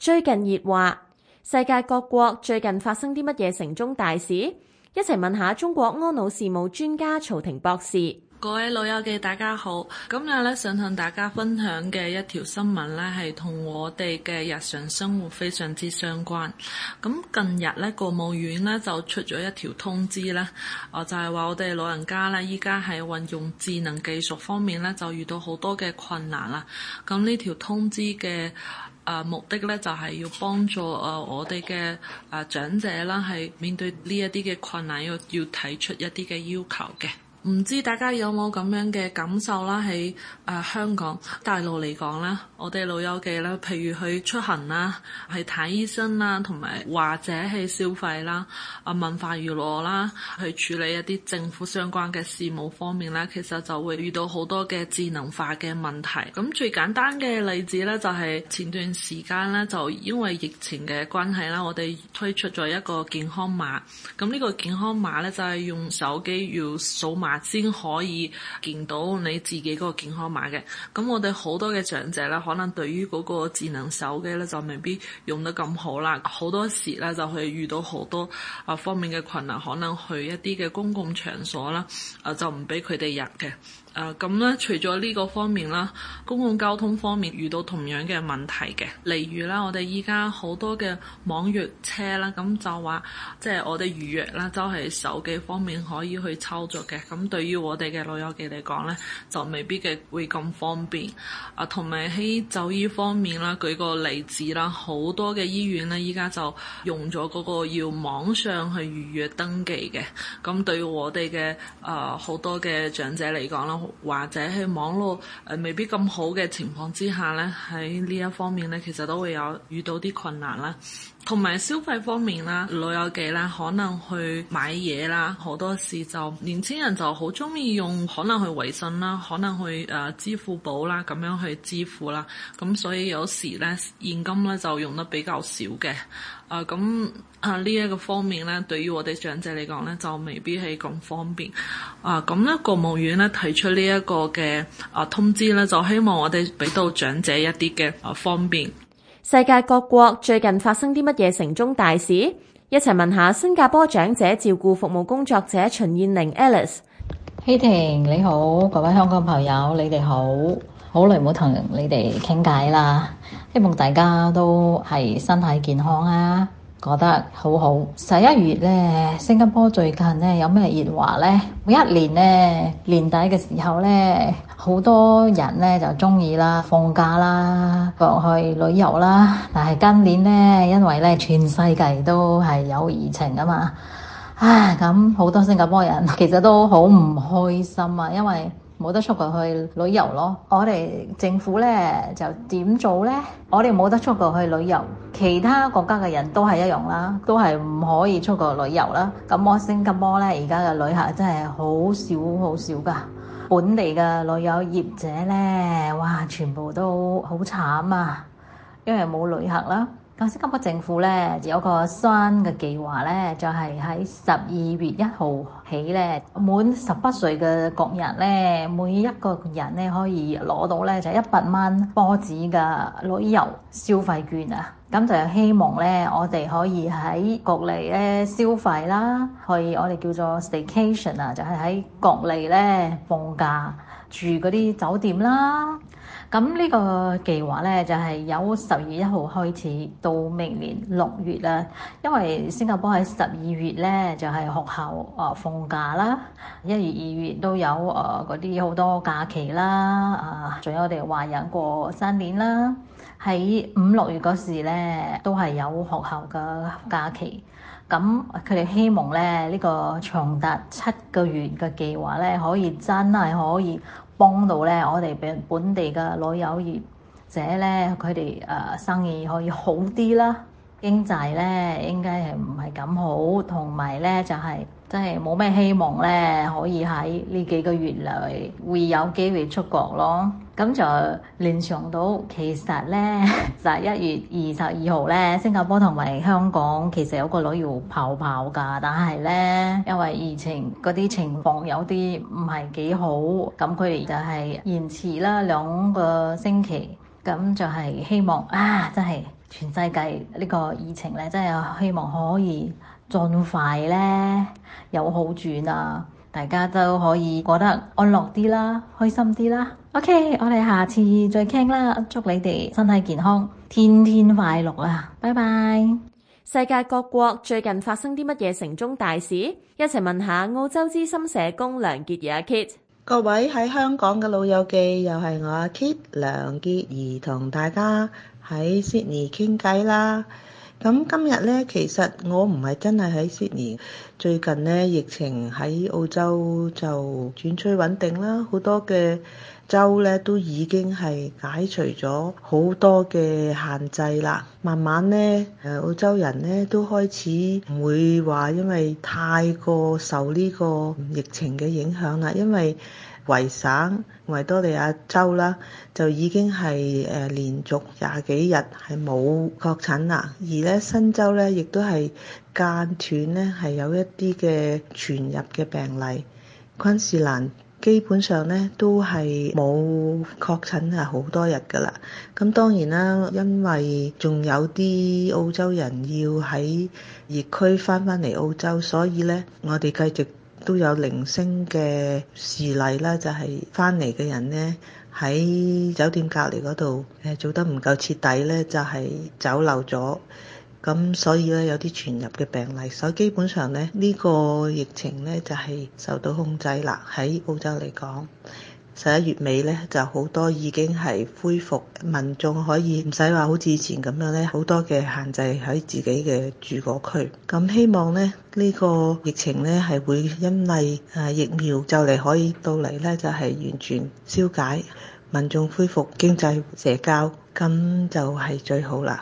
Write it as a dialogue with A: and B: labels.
A: 最近熱話，世界各國最近發生啲乜嘢城中大事？一齊問一下中國安老事務專家曹廷博士。
B: 各位老友記，大家好，今日咧想同大家分享嘅一條新聞咧，係同我哋嘅日常生活非常之相關。咁近日咧，國務院咧就出咗一條通知啦，哦就係話我哋老人家咧，依家喺運用智能技術方面咧，就遇到好多嘅困難啦。咁呢條通知嘅誒目的咧，就係要幫助誒我哋嘅誒長者啦，係面對呢一啲嘅困難要要提出一啲嘅要求嘅。唔知大家有冇咁樣嘅感受啦？喺誒、呃、香港、大陸嚟講啦，我哋老友記啦，譬如去出行啦、去睇醫生啦，同埋或者係消費啦、啊文化娛樂啦，去處理一啲政府相關嘅事務方面啦，其實就會遇到好多嘅智能化嘅問題，咁最簡單嘅例子咧，就係前段時間咧，就因為疫情嘅關係啦，我哋推出咗一個健康碼，咁呢個健康碼咧，就係用手機要掃碼。先可以見到你自己嗰個健康碼嘅。咁我哋好多嘅長者咧，可能對於嗰個智能手機咧就未必用得咁好啦。好多時咧就去遇到好多啊方面嘅困難，可能去一啲嘅公共場所啦，誒就唔俾佢哋入嘅。誒咁咧，除咗呢個方面啦，公共交通方面遇到同樣嘅問題嘅，例如啦，我哋依家好多嘅網約車啦，咁就話即係我哋預約啦，都係手機方面可以去操作嘅。咁對於我哋嘅老友記嚟講咧，就未必嘅會咁方便。啊，同埋喺就醫方面啦，舉個例子啦，好多嘅醫院咧，依家就用咗個要網上去預約登記嘅。咁對我哋嘅誒好多嘅長者嚟講啦。或者喺網絡誒，未必咁好嘅情況之下呢，喺呢一方面呢，其實都會有遇到啲困難啦。同埋消費方面啦，老友記啦，可能去買嘢啦，好多時就年輕人就好鍾意用，可能去微信啦，可能去誒、呃、支付寶啦，咁樣去支付啦。咁所以有時咧，現金咧就用得比較少嘅。啊咁啊呢一個方面咧，對於我哋長者嚟講咧，就未必係咁方便。啊咁咧，國務院咧提出呢一個嘅啊通知咧，就希望我哋俾到長者一啲嘅啊方便。
A: 世界各國最近發生啲乜嘢城中大事？一齊問下新加坡長者照顧服務工作者秦燕玲 Alice。Hi 婷，你好，各位香港朋友，你哋好，好耐冇同你哋傾偈啦，希望大家都係身體健康啊！覺得好好。十一月呢，新加坡最近呢有咩熱話呢？每一年呢，年底嘅時候呢，好多人呢就鍾意啦，放假啦，落去旅遊啦。但係今年呢，因為呢全世界都係有疫情啊嘛，唉，咁好多新加坡人其實都好唔開心啊，因為。冇得出國去旅遊咯，我哋政府呢，就點做呢？我哋冇得出國去旅遊，其他國家嘅人都係一樣啦，都係唔可以出國旅遊啦。咁我新加坡呢，而家嘅旅客真係好少好少㗎，本地嘅旅遊業者呢，哇，全部都好慘啊，因為冇旅客啦。啊！新加坡政府咧有個新嘅計劃咧，就係喺十二月一號起咧，滿十八歲嘅國人咧，每一個人咧可以攞到咧就一百蚊波子嘅旅遊消費券啊！咁就希望咧，我哋可以喺國內咧消費啦，去我哋叫做 staycation 啊，就係喺國內咧放假住嗰啲酒店啦。咁呢個計劃呢，就係由十月一號開始到明年六月啦。因為新加坡喺十二月呢，就係學校啊放假啦。一月、二月都有啊嗰啲好多假期啦。啊，仲有我哋華人過新年啦。喺五六月嗰時呢，都係有學校嘅假期。咁佢哋希望咧，呢個長達七個月嘅計劃咧，可以真係可以幫到咧，我哋本本地嘅旅遊業者咧，佢哋誒生意可以好啲啦。經濟咧應該係唔係咁好，同埋咧就係真係冇咩希望咧，可以喺呢幾個月內會有機會出國咯。咁就聯想到其實呢十一 月二十二號呢，新加坡同埋香港其實有個旅遊泡泡㗎，但係呢，因為疫情嗰啲情況有啲唔係幾好，咁佢哋就係延遲啦兩個星期，咁就係希望啊，真係全世界呢個疫情呢，真係希望可以盡快呢，有好轉啊！大家都可以過得安樂啲啦，開心啲啦。OK，我哋下次再傾啦。祝你哋身體健康，天天快樂啊！拜拜。世界各國最近發生啲乜嘢城中大事？一齊問一下澳洲資深社工梁潔儀阿 Kit。各位喺香港嘅老友記，
C: 又係我阿 Kit。梁潔儀同大家喺 Sydney 傾偈啦。咁今日咧，其實我唔係真係喺 Sydney。最近咧，疫情喺澳洲就轉趨穩定啦，好多嘅州咧都已經係解除咗好多嘅限制啦。慢慢咧，誒澳洲人咧都開始唔會話因為太過受呢個疫情嘅影響啦，因為。維省、維多利亞州啦，就已經係誒、呃、連續廿幾日係冇確診啦。而咧新州咧，亦都係間斷咧係有一啲嘅傳入嘅病例。昆士蘭基本上咧都係冇確診係好多日㗎啦。咁當然啦，因為仲有啲澳洲人要喺熱區翻返嚟澳洲，所以咧我哋繼續。都有零星嘅事例啦，就係翻嚟嘅人呢，喺酒店隔離嗰度誒做得唔夠徹底呢就係走漏咗，咁所以咧有啲傳入嘅病例，所以基本上呢，呢個疫情呢，就係受到控制啦，喺澳洲嚟講。十一月尾咧，就好多已經係恢復，民眾可以唔使話好似以前咁樣咧，好多嘅限制喺自己嘅住過區。咁希望咧，呢、呢個疫情咧係會因為疫苗就嚟可以到嚟咧，就係、係、完全消解，民眾恢復經濟社交，咁就係最好啦。